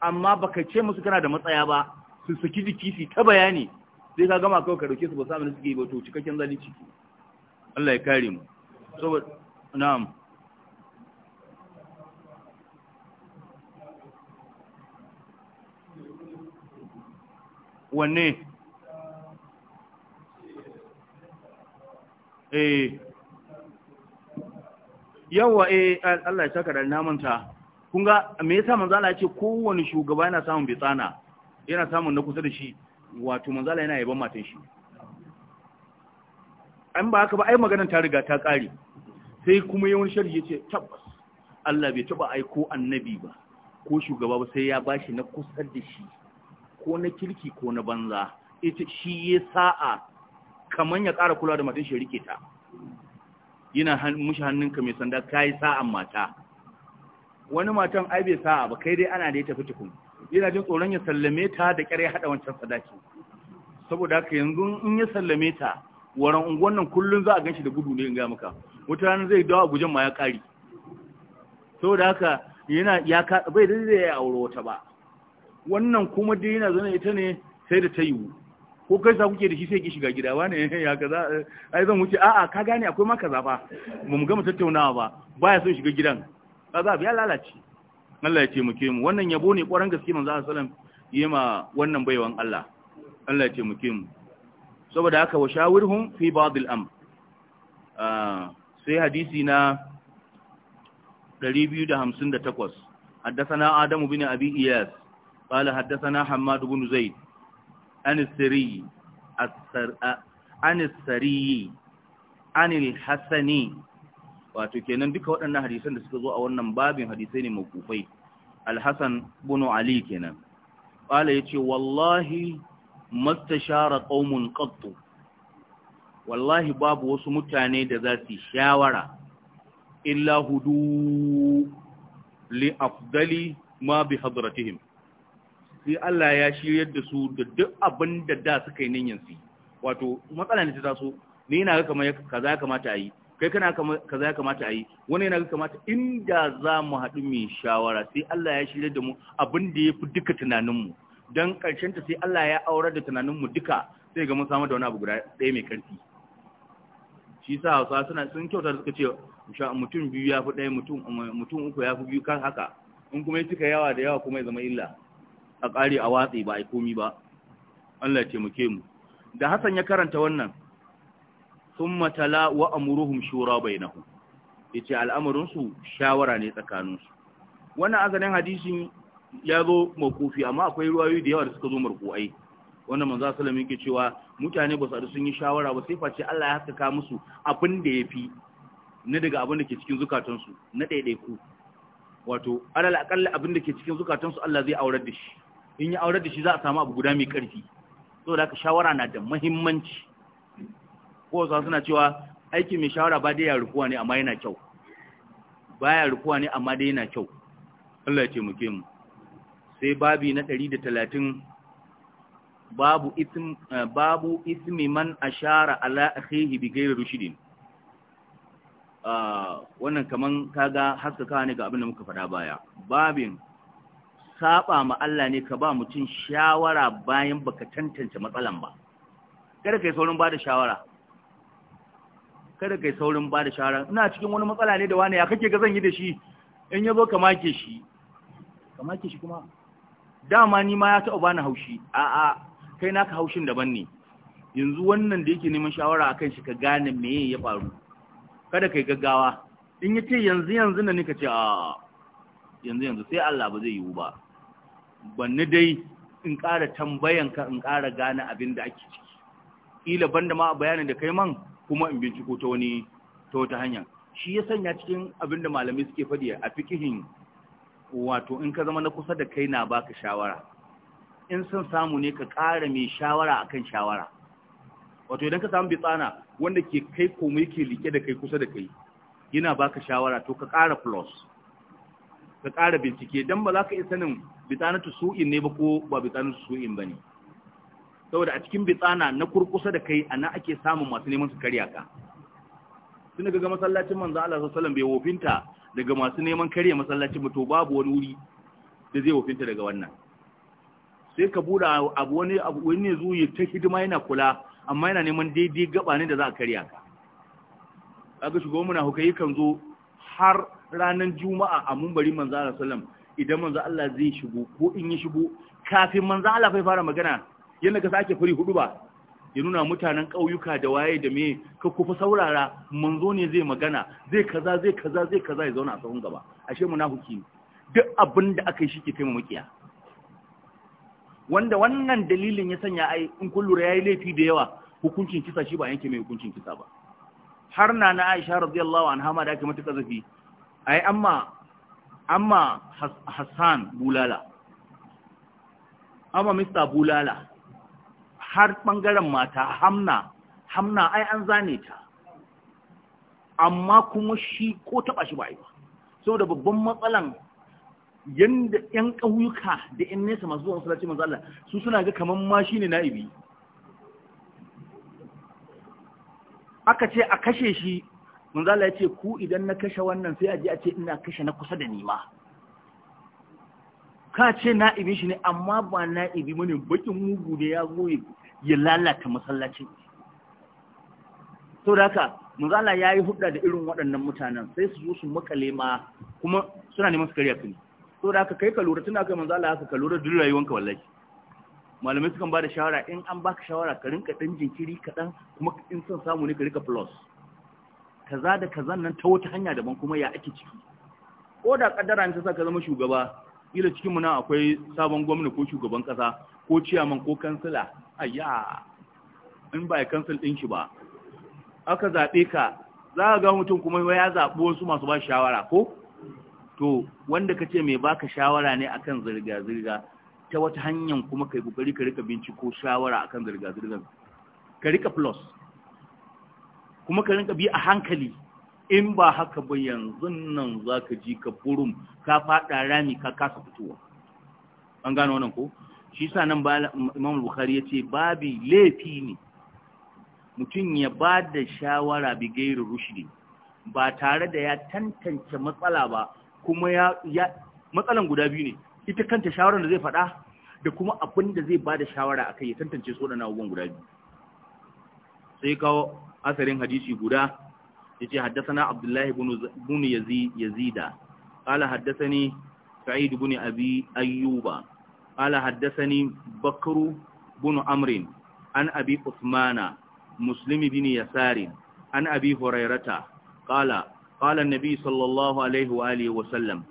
amma baka ce musu kana da matsaya ba su saki jiki su ta bayani sai ka gama kawai ka dauke su ba samu da suke ba to cikakken zalunci Allah ya kare mu saboda na'am wanne eh yawa eh Allah ya saka da namanta kun ga me yasa manzo Allah ya ce kowanne shugaba yana samun bitsana yana samun na kusa da shi wato manzo Allah yana yaban matan shi an ba haka ba ai maganar ta riga ta kare sai kuma yawan sharhi yace tabbas Allah bai taba aiko annabi ba ko shugaba ba sai ya bashi na kusa da shi ko na kirki ko na banza ita shi ya sa'a kaman ya ƙara kula da matan shi rike ta yana mushi hannunka mai sanda ka yi sa'an mata wani matan ai bai sa'a ba kai dai ana da ya tafi tukun yana jin tsoron ya sallame ta da kyar ya haɗa wancan sadaki saboda haka yanzu in ya sallame ta waran unguwannin kullum za a gan shi da gudu ne in ga maka wata rana zai dawa a gujen ma ya ƙari saboda haka yana ya bai da zai ya aure wata ba wannan kuma dai yana zana ita ne sai da ta yiwu ko kai sa kuke da shi sai ki shiga gida wane eh, ya kaza eh, ai zan wuce a'a ka gane akwai ma kaza fa ba mu gama tattaunawa ba baya son shiga gidan kaza ya lalace Allah ya taimake mu wannan yabo ne ƙwaran gaske manzo Allah wasallam yema wannan baiwan Allah Allah ya taimake mu saboda haka wa fi ba'dil am ah sai hadisi na 258 حدثنا آدم بن أبي إياس قال حدثنا حماد بن زيد anisiriyi anisariyi anil hasani wato kenan duka waɗannan hadisan da suka zo a wannan babin hadisai ne makufai alhassan bunu ali kenan ƙwala ya ce wallahi shara ƙaumun ƙattu wallahi babu wasu mutane da za su shawara illa hudu li afdali ma bi hadratihim sai Allah ya shiryar da su da duk abin da da suka yi niyyar su wato matsala ne ta taso Ne yana ga kamar kaza ya kamata a yi kai kana kaza ya kamata a yi wani yana ga kamata inda za mu haɗu mai shawara sai Allah ya shirya da mu abin da ya fi duka tunaninmu don ƙarshen ta sai Allah ya aurar da tunaninmu duka sai ga mun samu da wani abu guda ɗaya mai ƙarfi shi sa hausa suna sun kyauta suka ce mutum biyu ya fi ɗaya mutum uku ya fi biyu kan haka in kuma ya cika yawa da yawa kuma ya zama illa a ƙare a watsi ba a komi ba Allah ya taimake mu da Hassan ya karanta wannan sun matala wa amuruhun shura bainahum ya ce al’amurinsu shawara ne tsakaninsu. wannan azanin hadishin ya zo makofi, amma akwai ruwayoyi da yawa da suka zo markuai wannan manzo sallallahu alaihi yake cewa mutane ba su sun yi shawara ba sai face Allah ya haskaka musu abin da fi, na daga abin da ke cikin zukatansu na ɗaiɗaiku wato alal akalla abin da ke cikin zukatansu Allah zai aurar da shi in ya aure da shi za a samu abu guda mai ƙarfi so da shawara na da mahimmanci ko wasu suna cewa aiki mai shawara ba dai ya rufuwa ne amma yana kyau ba ya rufuwa ne amma dai yana kyau Allah ya taimake mu sai babi na 130 babu ism eh, babu ismi man ashara ala akhihi bi ghairi rushidin ah, wannan kaman kaga haskaka ne ga abin da muka faɗa baya babin saba ma Allah ne ka ba mutum shawara bayan baka tantance matsalan ba kada kai saurin bada shawara kada kai saurin bada shawara ina cikin wani matsala ne da wani ya kake ga zan yi da shi in yazo ka make shi ka make shi kuma dama ni ma ya ta ubana haushi a'a kai naka haushin daban ne yanzu wannan da yake neman shawara akan shi ka gane me ya faru kada kai gaggawa in yace yanzu yanzu na ka ce a yanzu yanzu sai Allah ba zai yiwu ba banni dai in ƙara tambayanka in ƙara gane abin da ake ciki ƙila banda ma a bayanin da kai man kuma in binciko ta wani ta wata hanya shi ya sanya cikin abin da malamai suke faɗi a fikihin wato in ka zama na kusa da kai na baka shawara in san samu ne ka ƙara mai shawara akan shawara wato idan ka samu bitsana wanda ke kai komai ke like da kai kusa da kai yana baka shawara to ka ƙara plus ka ƙara bincike don ba za ka iya sanin ta su'in ne ba ko ba ta su'in ba ne saboda a cikin bitsana na kurkusa da kai a nan ake samun masu neman su karya ka tun ga masallacin manzo Allah sallallahu alaihi bai wofinta daga masu neman karya masallacin mu to babu wani wuri da zai wofinta daga wannan sai ka buɗa abu wani abu wani ne zuwa ta hidima yana kula amma yana neman daidai gaba ne da za a karya ka kaga shugaban munafukai kan zo har ranar juma'a a mumbari manzo Allah salam idan manza Allah zai shigo ko in yi shigo kafin manza Allah fai fara magana yana ka sake furi hudu ba ya nuna mutanen ƙauyuka da waye da me ka kufa saurara manzo ne zai magana zai kaza zai kaza zai kaza ya zauna a sahun gaba ashe munafiki duk abin da aka yi shi ke taimaka makiya wanda wannan dalilin ya sanya ai in kun lura yayi laifi da yawa hukuncin kisa shi ba yanke mai hukuncin kisa ba har na na Aisha radiyallahu anha ma da ake mata kazafi ai amma amma Hassan Bulala amma Mr Bulala har bangaren mata Hamna Hamna ai an zane ta amma kuma shi ko taba shi ba yi ba saboda babban matsalan yanda yan ƙauyuka da ƴan nesa masu zuwa masallaci manzo Allah su suna ga kaman ma shine na'ibi aka ce a kashe shi manzala ya ce ku idan na kashe wannan sai a ji a ce ina kashe na kusa da ni ma ka ce na'ibin shi ne amma ba na'ibi ne, bakin mugu ne ya zo ya lalata masallacin to da haka manzala ya yi hudda da irin waɗannan mutanen sai su zo su makale ma kuma suna neman su karya kini to da haka kai ka lura Tuna kai manzala haka ka lura duk rayuwanka wallahi malamai sukan ba da shawara in an baka shawara ka rinka ɗan jinkiri kaɗan kuma in son samu ne ka rika plus kaza da kazan nan ta wata hanya daban kuma ya ake ciki ko da kaddara ta sa ka zama shugaba ila cikin mu nan akwai sabon gwamna ko shugaban kasa ko ciyaman ko kansila ayya in ba kansil din shi ba aka zaɓe ka za ka ga mutum kuma ya zaɓi wasu masu ba shawara ko to wanda ka ce mai baka shawara ne akan zirga-zirga ta wata hanyar kuma ka yi kokari ka rika binciko shawara akan zirga-zirgar ka rika plus kuma ka rinka bi a hankali in ba haka ba yanzu nan za ka ji ka burum ka faɗa rami ka kasa fitowa an gano wannan ko shi sa nan imam bukhari ya ce babi laifi ne mutum ya ba da shawara bi gairu rushdi ba tare da ya tantance matsala ba kuma ya matsalan guda biyu ne ita kanta shawarar da zai faɗa da kuma abin da zai ba da shawara akai ya tantance so waɗannan abubuwan guda biyu sai kawo asarin hadisi guda yace haddathana abdullahi ibn yazida qala haddathani sa'id ibn abi ayyuba qala haddathani bakru ibn Amrin. an abi usmana muslim ibn yasar an abi hurairata qala qala an-nabi sallallahu alaihi wa alihi wa sallam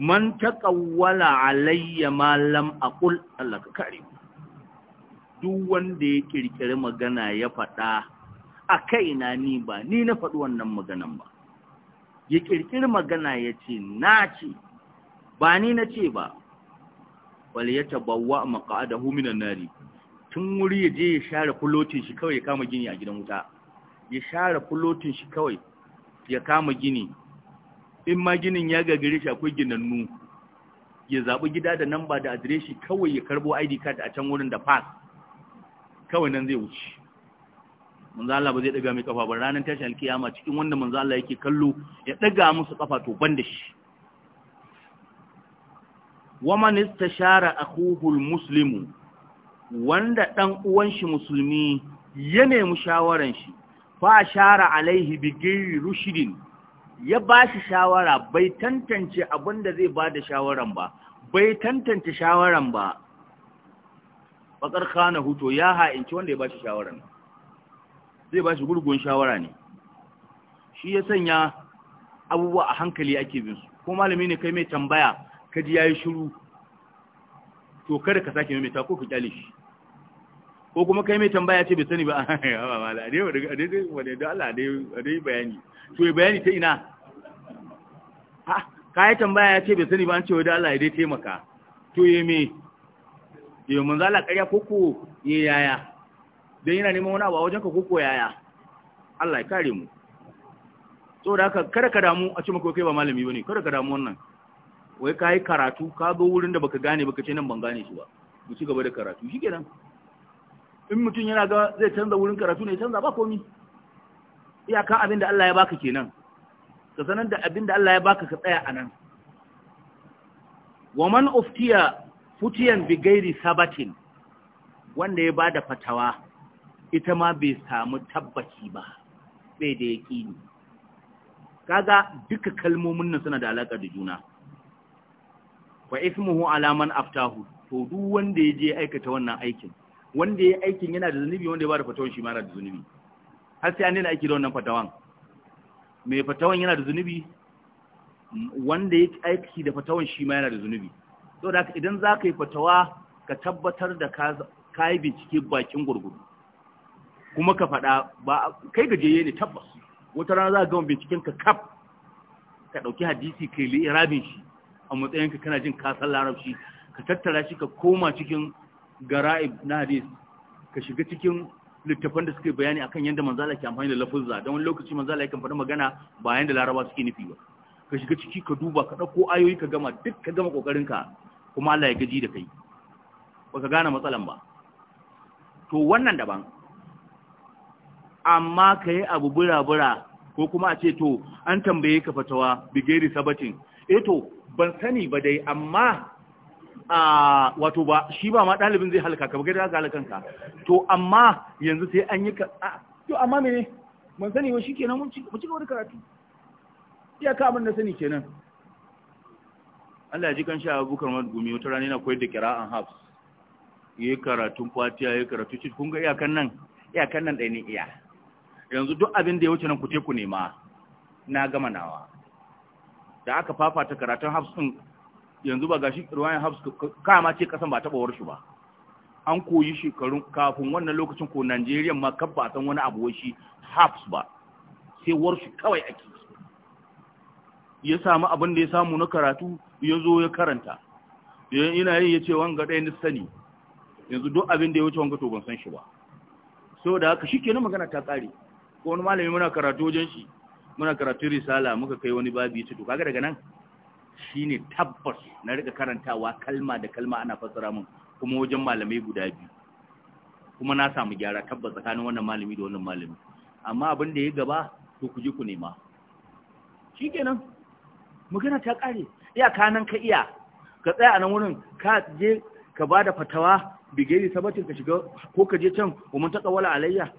man taqawwala alayya ma lam aqul Allah ka duk wanda ya kirkiri magana ya faɗa a kaina ni ba ni na faɗi wannan maganan ba ya ƙirƙiri magana ya ce na ce ba ni na ce ba wale ya tabawa a maka'ada huminan nari tun wuri ya je ya share fulotin shi kawai ya kama gini a gidan wuta ya share fulotin shi kawai ya kama gini in ma ginin ya gagare shi akwai ginannu ya zaɓi gida da namba da adireshi kawai ya karɓo id card a can wurin da pass kawai nan zai wuce manzo Allah ba zai daga mai kafa ba ranar tashin alkiyama cikin wanda manzo Allah yake kallo ya daga musu kafa to ban da shi waman istashara akhuhu almuslimu wanda dan uwan shi musulmi ya nemi shawaran shi fa ashara alaihi bi ghairi rushidin ya ba shi shawara bai tantance abin zai ba da shawaran ba bai tantance shawaran ba bakar kana huto ya ha'inci wanda ya ba shi shawaran zai ba shi gurgun shawara ne shi ya sanya abubuwa a hankali ake bin su ko malami ne kai mai tambaya ka ji yayi shiru to kada ka sake mai ko ka kyale shi ko kuma kai mai tambaya ce bai sani ba ba mala dai dai wanda da Allah dai dai bayani to ya bayani ta ina ha kai tambaya ya ce bai sani ba an ce wai da Allah ya dai taimaka to ya me ya manzo ƙarya koko ya yaya don yana neman wani abu a wajenka ko yaya Allah ya kare mu da haka kada ka damu a cikin maka kai ba malami bane kada ka damu wannan wai kai karatu ka zo wurin da baka gane baka ce nan ban gane shi ba mu ci gaba da karatu shikenan in mutum yana ga zai canza wurin karatu ne canza ba komi iyaka abin da Allah ya baka kenan ka sanar da abin da Allah ya baka ka tsaya anan wa man uftiya futiyan bi ghairi sabatin wanda ya bada fatawa ita ma bai samu tabbaci ba sai da yaƙini kaga duka kalmomin nan suna da alaƙa da juna wa ismuhu alaman aftahu to duk wanda ya je aikata wannan aikin wanda ya aikin yana da zunubi wanda ya bada fatawan shi ma yana da zunubi har sai an daina aiki da wannan fatawan mai fatawan yana da zunubi wanda ya aiki da fatawan shi ma yana da zunubi saboda haka idan za ka yi fatawa ka tabbatar da ka yi bincike bakin gurgudu kuma ka faɗa ba kai gajeye ne tabbas wata rana za ka gama binciken ka kaf ka ɗauki hadisi ka yi irabin shi a matsayin ka kana jin kasar larabci ka tattara shi ka koma cikin gara'ib na hadis ka shiga cikin littafan da suke bayani akan yadda manzala ke amfani da lafuzza don wani lokaci manzala yakan faɗi magana bayan da laraba suke nufi ba ka shiga ciki ka duba ka ɗauko ayoyi ka gama duk ka gama kokarin ka kuma Allah ya gaji da kai ba ka gane matsalan ba to wannan daban amma ka yi abu bura-bura ko kuma a ce to an tambaye ka fatawa bigeri sabatin eto eh ban sani ba dai amma a wato ba shi ba ma ɗalibin zai halka ka da za halkanka to amma yanzu sai an yi ka to amma ne, ban sani ba shi kenan mun ci gaba da karatu iyaka abin da sani kenan Allah ya ji kan sha abubakar Muhammad Gumi wata rana yana koyar da kira'an Hafs yayi karatun Fatiha yayi karatu shi kun ga iyakan nan iyakan nan ɗaya ne iya yanzu duk abin da ya wuce nan ku ku nema na gama nawa da aka fafata karatun hafs din yanzu ba gashi ruwayan hafs kama ce kasan ba taɓa warshi ba an koyi shekarun kafin wannan lokacin ko Najeriya ma kan ba san wani abu shi hafs ba sai warshi kawai ake ya samu abin da ya samu na karatu ya zo ya karanta yayin ina yin ya ce wanga ɗaya ni sani yanzu duk abin da ya wuce wanga to ban san shi ba saboda haka shikenan magana ta ƙare ko wani malami muna karatu wajen shi muna karatu risala muka kai wani babi ya to kaga daga nan shine tabbas na rika karantawa kalma da kalma ana fassara mun kuma wajen malamai guda biyu kuma na samu gyara tabbas tsakanin wannan malami da wannan malami amma abin da ya gaba to ku ji ku nema shikenan magana ta kare iya kanan ka iya ka tsaya a nan wurin ka je ka bada fatawa bigeri sabatin ka shiga ko ka je can umman ta kawala alayya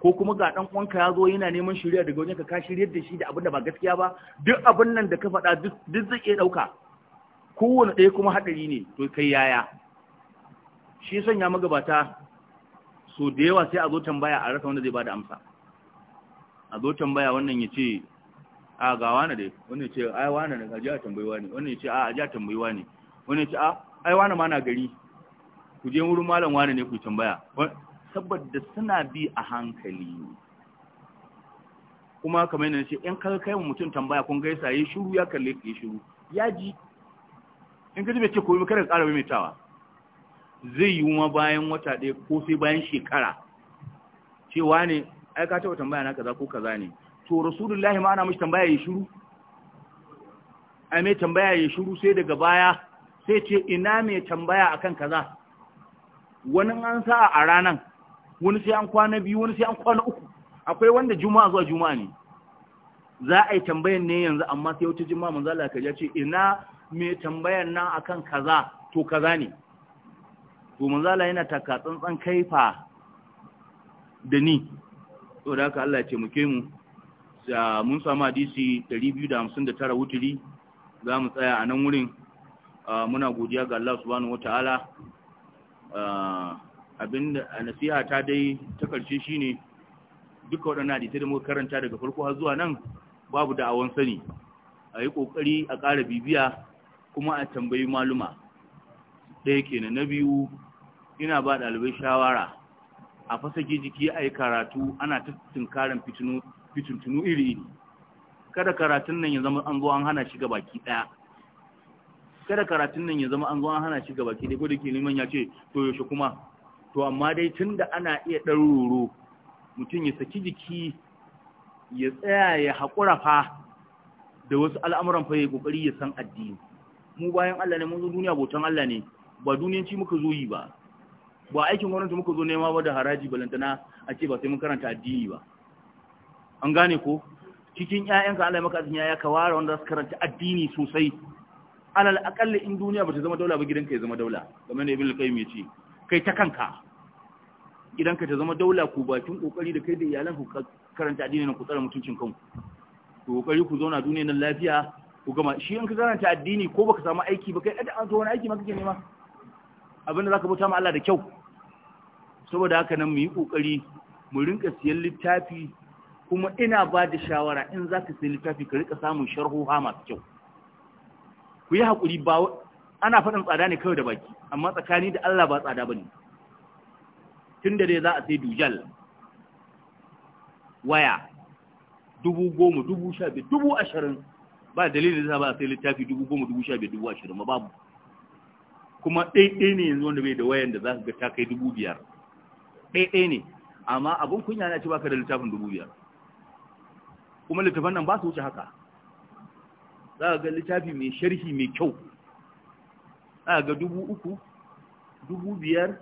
ko kuma ga dan uwanka ya zo yana neman shirya daga wajenka ka shiryar da shi da abin da ba gaskiya ba duk abin nan da ka faɗa duk zai iya ɗauka kowane ɗaya kuma haɗari ne to kai yaya shi sanya magabata so da yawa sai a zo tambaya a rasa wanda zai bada amsa a zo tambaya wannan ya ce a ga wani dai wani ya ce ai wani ne a ji a tambayi wani wani ya ce a a ji a tambayi wani wani ya ce a ai wani ma na gari ku je wurin malam wani ne ku tambaya saboda suna bi a hankali kuma kamar yana ce in ka kai mutum tambaya kun gaisa yi shiru ya kalle ka yi shiru ya ji in ka ji ce kuma kare tsara ƙara maimaitawa zai yi ma bayan wata ɗaya ko sai bayan shekara cewa ne ai ka taɓa tambaya na kaza ko kaza ne to rasulullahi ma ana mashi tambaya ya shiru ai mai tambaya ya shiru sai daga baya sai ce ina mai tambaya akan kaza wani an sa a ranan wani sai an kwana biyu wani sai an kwana uku akwai wanda juma'a zuwa juma'a ne za a yi tambayan ne yanzu amma sai wata juma'a manzo Allah ya ce ina me tambayan nan akan kaza to kaza ne to manzo Allah yana taka tsantsan kaifa da ni to da haka Allah ya ce mu ke mu mun samu hadisi 259 wuturi za mu tsaya a nan wurin ah, muna godiya ga Allah subhanahu wataala ah, abinda a nasiha ta dai ta karshe shine duka waɗanda hadisai da muka karanta daga farko har zuwa nan babu da awon sani a yi ƙoƙari a ƙara bibiya kuma a tambayi maluma ɗaya kenan na biyu ina ba ɗalibai shawara a fasake jiki a yi karatu ana ta tunkarin fitintunu iri-iri kada karatun nan ya zama an zo an hana shi baki ɗaya kada karatun nan ya zama an zo an hana shi baki ɗaya ko da ke neman ya ce to yaushe kuma to amma dai tun da ana iya ɗaruro mutum ya saki jiki ya tsaya ya haƙura fa da wasu al'amuran fa ya ƙoƙari ya san addini mu bayan Allah ne mun zo duniya bautan Allah ne ba duniyanci muka zo yi ba ba aikin gwamnati muka zo nema ba da haraji balantana a ce ba sai mun karanta addini ba an gane ko cikin ƴaƴanka Allah maka azin ya ka ware wanda su karanta addini sosai alal aqalli in duniya bata zama daula ba gidanka ya zama daula kamar ne ibn al-qayyim kai ta kanka Idan ka ta zama daula ku bakin kokari da kai da iyalan ku karanta addini na ku tsara mutuncin kanku ku kokari ku zauna duniyar nan lafiya ku gama shi in ka karanta addini ko baka samu aiki ba kai da an wani aiki ma kake nema abin da zaka bauta ma Allah da kyau saboda haka nan mu yi kokari mu rinka siyan littafi kuma ina ba da shawara in za ka siya littafi ka rika samun sharhoha masu kyau ku yi hakuri ba ana faɗin tsada ne kawai da baki amma tsakani da Allah ba tsada ba ne tun da dai za a sai dujal waya dubu goma dubu sha biyu dubu ashirin ba dalilin da ba sai littafi dubu goma dubu sha biyu dubu ashirin ba babu kuma ɗaiɗai ne yanzu wanda bai da wayan da za ka ga ta kai dubu biyar ɗaiɗai ne amma abin kunya na ce baka da littafin dubu biyar kuma littafan nan ba su wuce haka za ka ga littafi mai sharhi mai kyau za ka ga dubu uku dubu biyar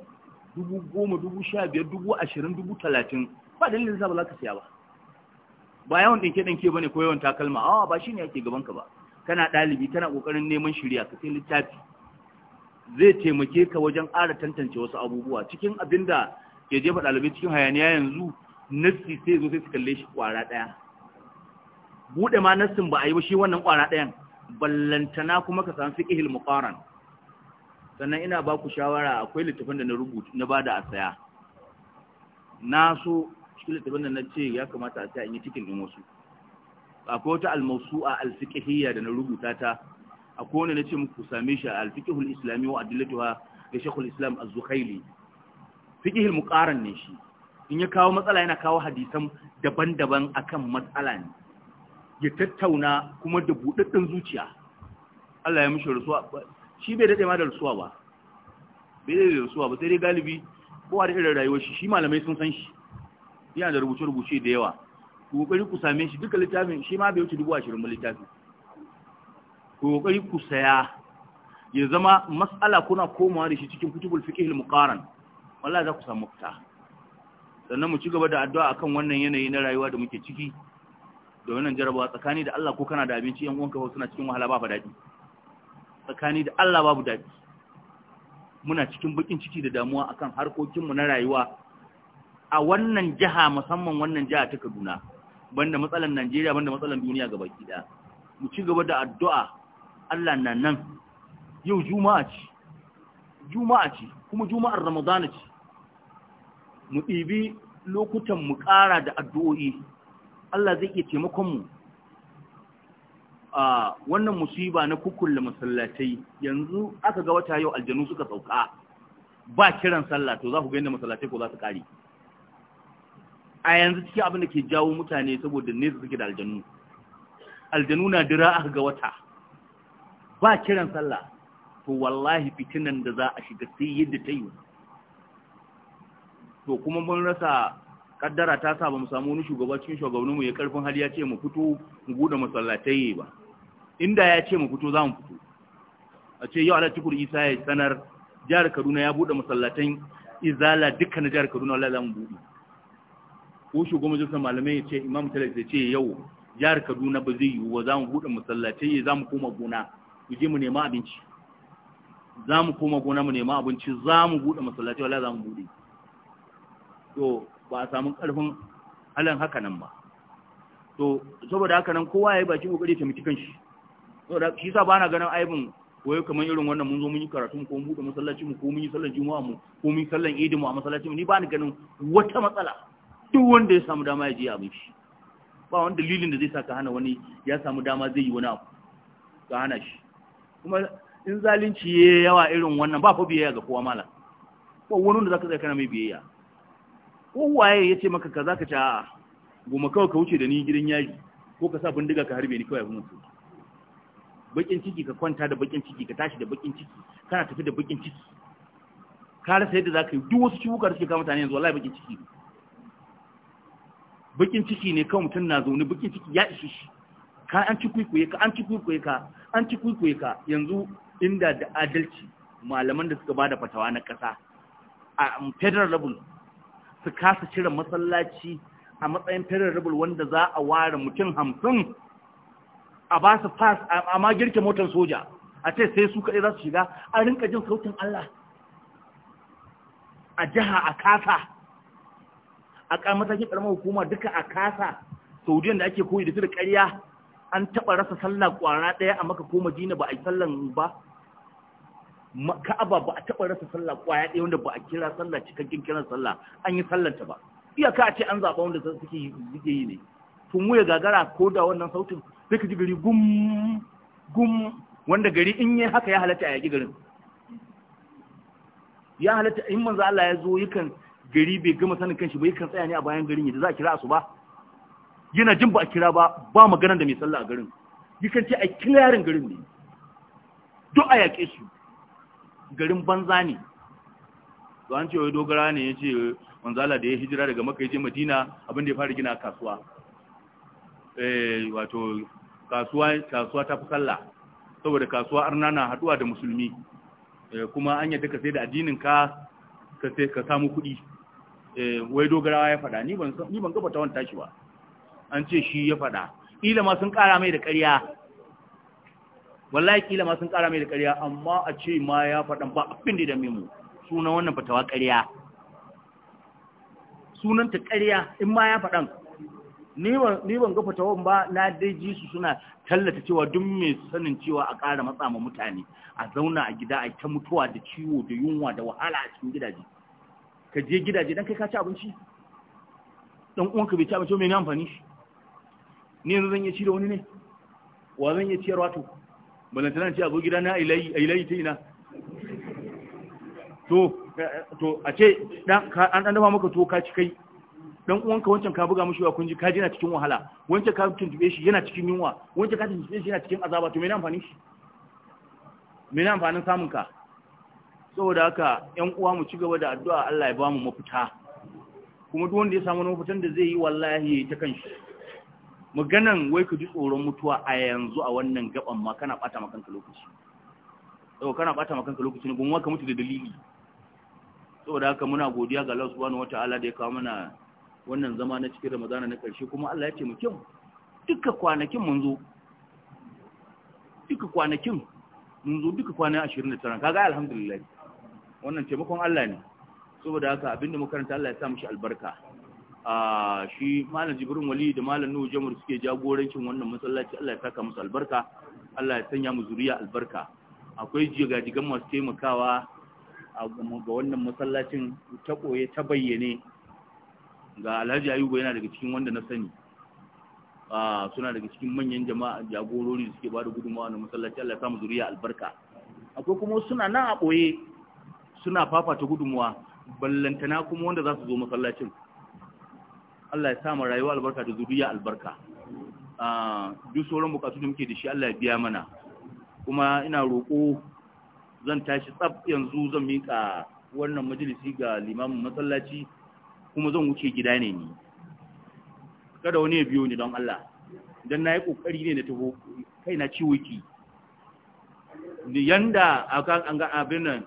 dubu goma dubu sha biyar dubu ashirin dubu talatin ba dalilin sa ba za ka siya ba ba yawan ɗinke ɗinke ba ne ko yawan takalma awa ba shi ne ake gabanka ba kana ɗalibi tana ƙoƙarin neman shirya ka sai littafi zai taimake ka wajen ƙara tantance wasu abubuwa cikin abin da ke jefa ɗalibai cikin hayaniya yanzu nassi sai zo sai su kalle shi ƙwara ɗaya buɗe ma nassin ba a yi ba shi wannan ƙwara ɗayan ballantana kuma ka samu fiƙihil muqaran sannan ina ba ku shawara akwai littafin da na rubuta na bada a saya na so cikin littafin da na ce ya kamata a saya in yi cikin din wasu akwai wata almasu'a alfiqhiyya da na rubuta ta akwai na ce muku same shi alfiqhul islami wa adillatuha da shaykhul islam az Zuhaili. fiqhul muqaran ne shi in ya kawo matsala yana kawo hadisan daban-daban akan matsala ne ya tattauna kuma da buɗaɗɗen zuciya Allah ya mishi rasuwa shi bai daɗe ma da rasuwa ba bai daɗe da rasuwa ba sai dai galibi kowa da irin rayuwar shi shi malamai sun san shi yana da rubuce-rubuce da yawa ku kokari ku same shi duka littafin shi ma bai wuce dubu ashirin ba littafi ku kokari ku saya ya zama mas'ala kuna komawa da shi cikin kutubul fiqh al-muqaran wallahi za ku samu mukta sannan mu ci gaba da addu'a akan wannan yanayi na rayuwa da muke ciki da wannan jarabawa tsakani da Allah ko kana da abinci yan uwanka ko suna cikin wahala ba fa dadi tsakani da Allah babu daɗi muna cikin bakin ciki da damuwa akan harkokinmu na rayuwa a wannan jiha musamman wannan jiha ta Kaduna banda matsalan Najeriya banda matsalan duniya gaba ɗaya mu ci gaba da addu'a Allah na nan yau juma'a ce juma'a ce kuma juma'ar ramadana ce mu ɗibi lokutan mu ƙara da addu'o'i Allah zai iya taimakon mu wannan musiba na kukulle masallatai yanzu aka ga wata yau aljanu suka sauka ba kiran sallah to za ku ga inda masallatai ko za su kare a yanzu cikin abin da ke jawo mutane saboda nesa suke da aljanu aljanu na dira aka ga wata ba kiran sallah to wallahi fitinan da za a shiga sai yadda ta yi to kuma mun rasa kaddara ta sa ba mu samu wani shugaba cikin shugabanninmu ya karfin hali ya ce mu fito mu buɗe masallatai ba inda ya ce mu fito za mu fito a ce yau ala tukur isa ya sanar jihar kaduna ya buɗe masallatan izala dukkan na jihar kaduna wala za mu buɗe ko shugaban majalisar malamai ya ce imam talas ya ce yau jihar kaduna ba zai yiwu ba za mu buɗe masallatai eh, za mu koma gona mu je mu nema abinci za mu koma gona mu nema abinci za mu buɗe masallatai wala za mu buɗe to ba a samu ƙarfin halin haka nan ba to saboda haka nan kowa ya yi bakin kokari ya miki kanshi so da shi sa ba na ganin aibin koyo kamar irin wannan mun zo mun yi karatu ko mun buɗe masallaci mu ko mun yi sallar juma'a mu ko mun yi sallar idi mu a masallaci mu ni ba ni ganin wata matsala duk wanda ya samu dama ya je abin shi ba wani dalilin da zai sa ka hana wani ya samu dama zai yi wani abu ka hana shi kuma in zalunci ya yawa irin wannan ba fa biyayya ga kowa mala Ba wani wanda zaka tsaya kana mai biyayya ko waye ya ce maka kaza ka ta a'a goma kawai ka wuce da ni gidan yaji ko ka sa bindiga ka harbe ni kawai mun mutum bakin ciki ka kwanta da bakin ciki ka tashi da bakin ciki kana tafi da bakin ciki ka rasa yadda zaka yi duk wasu ciwuka da suke kama mutane yanzu wallahi bakin ciki ne bakin ciki ne kan mutum na zaune bakin ciki ya ishe shi ka an ci kuikuye ka an ci kuikuye ka an ci kuikuye ka yanzu inda da adalci malaman da suka ba da fatawa na kasa a federal level su kasa cire masallaci a matsayin federal level wanda za a ware mutum hamsin a ba su fas a ma girke motar soja a ce sai su kaɗai za su shiga a rinka jin sautin Allah a jiha a kasa a matakin ƙarmar hukuma duka a kasa saudiyan da ake koyi da su da ƙarya an taɓa rasa sallah ƙwara ɗaya a maka ko madina ba a yi sallan ba ka'aba ba a taɓa rasa sallah ƙwaya ɗaya wanda ba a kira sallah cikakken kiran sallah an yi sallanta ba iyaka a ce an zaɓa wanda suke yi ne tun wuya gagara ko da wannan sautin sai ka ji gari gum gum wanda gari in yi haka ya halatta a yaƙi garin ya halatta in manzo Allah ya zo yakan gari bai gama sanin kanshi ba yakan tsaya ne a bayan garin yadda za a kira su ba yana jin ba a kira ba ba maganar da mai sallah a garin yakan ce a yarin garin ne duk a yaƙe su garin banza ne to an ce wai dogara ne ya ce manzo Allah da ya hijira daga Makka ya je Madina abin da ya fara gina kasuwa Eh, wato kasuwa kasuwa ta fi sallah saboda kasuwa arna na haduwa da musulmi eh, kuma an yadda ka sai da addinin ka ka sai ka samu kuɗi eh, wai dogarawa ya faɗa ni ban ni ban gaba ta wani tashi ba an ce shi ya faɗa kila ma sun ƙara mai da ƙarya wallahi kila ma sun ƙara mai da ƙarya amma a ce ma ya faɗan ba abin da da mu sunan wannan fatawa ƙarya sunanta ƙarya in ma ya faɗan ni ban ga fatawan ba na dai ji su suna tallata cewa duk mai sanin cewa a ƙara matsa ma mutane a zauna a gida a ta mutuwa da ciwo da yunwa da wahala a cikin gidaje ka je gidaje dan kai ka ci abinci dan uwan ka bai ci abinci mai amfani shi ni yanzu zan iya ci da wani ne wa zan iya ciyarwa to balantana ce abu gida na ilayi ta ina to to a ce an dafa maka to ka ci kai dan uwanka wancan ka buga mishi wa kunji ka jina cikin wahala wancan ka tuntube shi yana cikin yunwa wancan ka tuntube shi yana cikin azaba to me ne amfanin shi me ne amfanin samun ka saboda haka ƴan uwa mu ci gaba da addu'a Allah ya ba mu mafita kuma duk wanda ya samu mafitan da zai yi wallahi ta kanshi maganan wai ka ji tsoron mutuwa a yanzu a wannan gaban ma kana bata makanka lokaci saboda kana bata makanka lokaci ne gumwa ka mutu da dalili saboda haka muna godiya ga Allah subhanahu wataala da ya kawo mana wannan zama na cikin ramadana na ƙarshe kuma Allah ya ce mutum duka kwanakin mun zo duka kwanakin mun zo duka kwanakin 29 kaga alhamdulillah wannan taimakon Allah ne saboda haka abinda makaranta Allah ya sa shi albarka a shi malam jibrin wali da malam nuhu jamur suke jagorancin wannan masallaci Allah ya saka musu albarka Allah ya sanya mu zuriya albarka akwai jigajigan masu taimakawa ga wannan masallacin ta koye ta bayyane ga alhaji ayuba yana daga cikin wanda na sani suna daga cikin manyan jama'a jagorori da suke bada gudunmawa na masallaci Allah ya samu zuriya albarka akwai kuma suna nan a ɓoye suna fafata gudunmawa ballantana kuma wanda za su zo masallacin Allah ya samu rayuwa albarka da zuriya albarka duk sauran bukatu da muke da shi Allah ya biya mana kuma ina roƙo zan tashi tsaf yanzu zan miƙa wannan majalisi ga limamin masallaci kuma zan wuce gida ne ni kada wani ya biyo ni don Allah don na yi ƙoƙari ne na taho kai na ciwo ki yanda an ga abin nan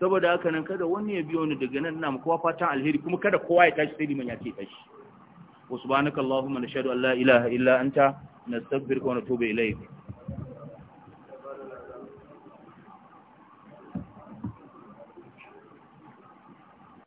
saboda haka nan kada wani ya biyo ni daga nan na kowa fatan alheri kuma kada kowa ya tashi sai liman ya ce tashi wa subhanakallahumma nashhadu an la ilaha illa anta nastaghfiruka wa natubu ilayk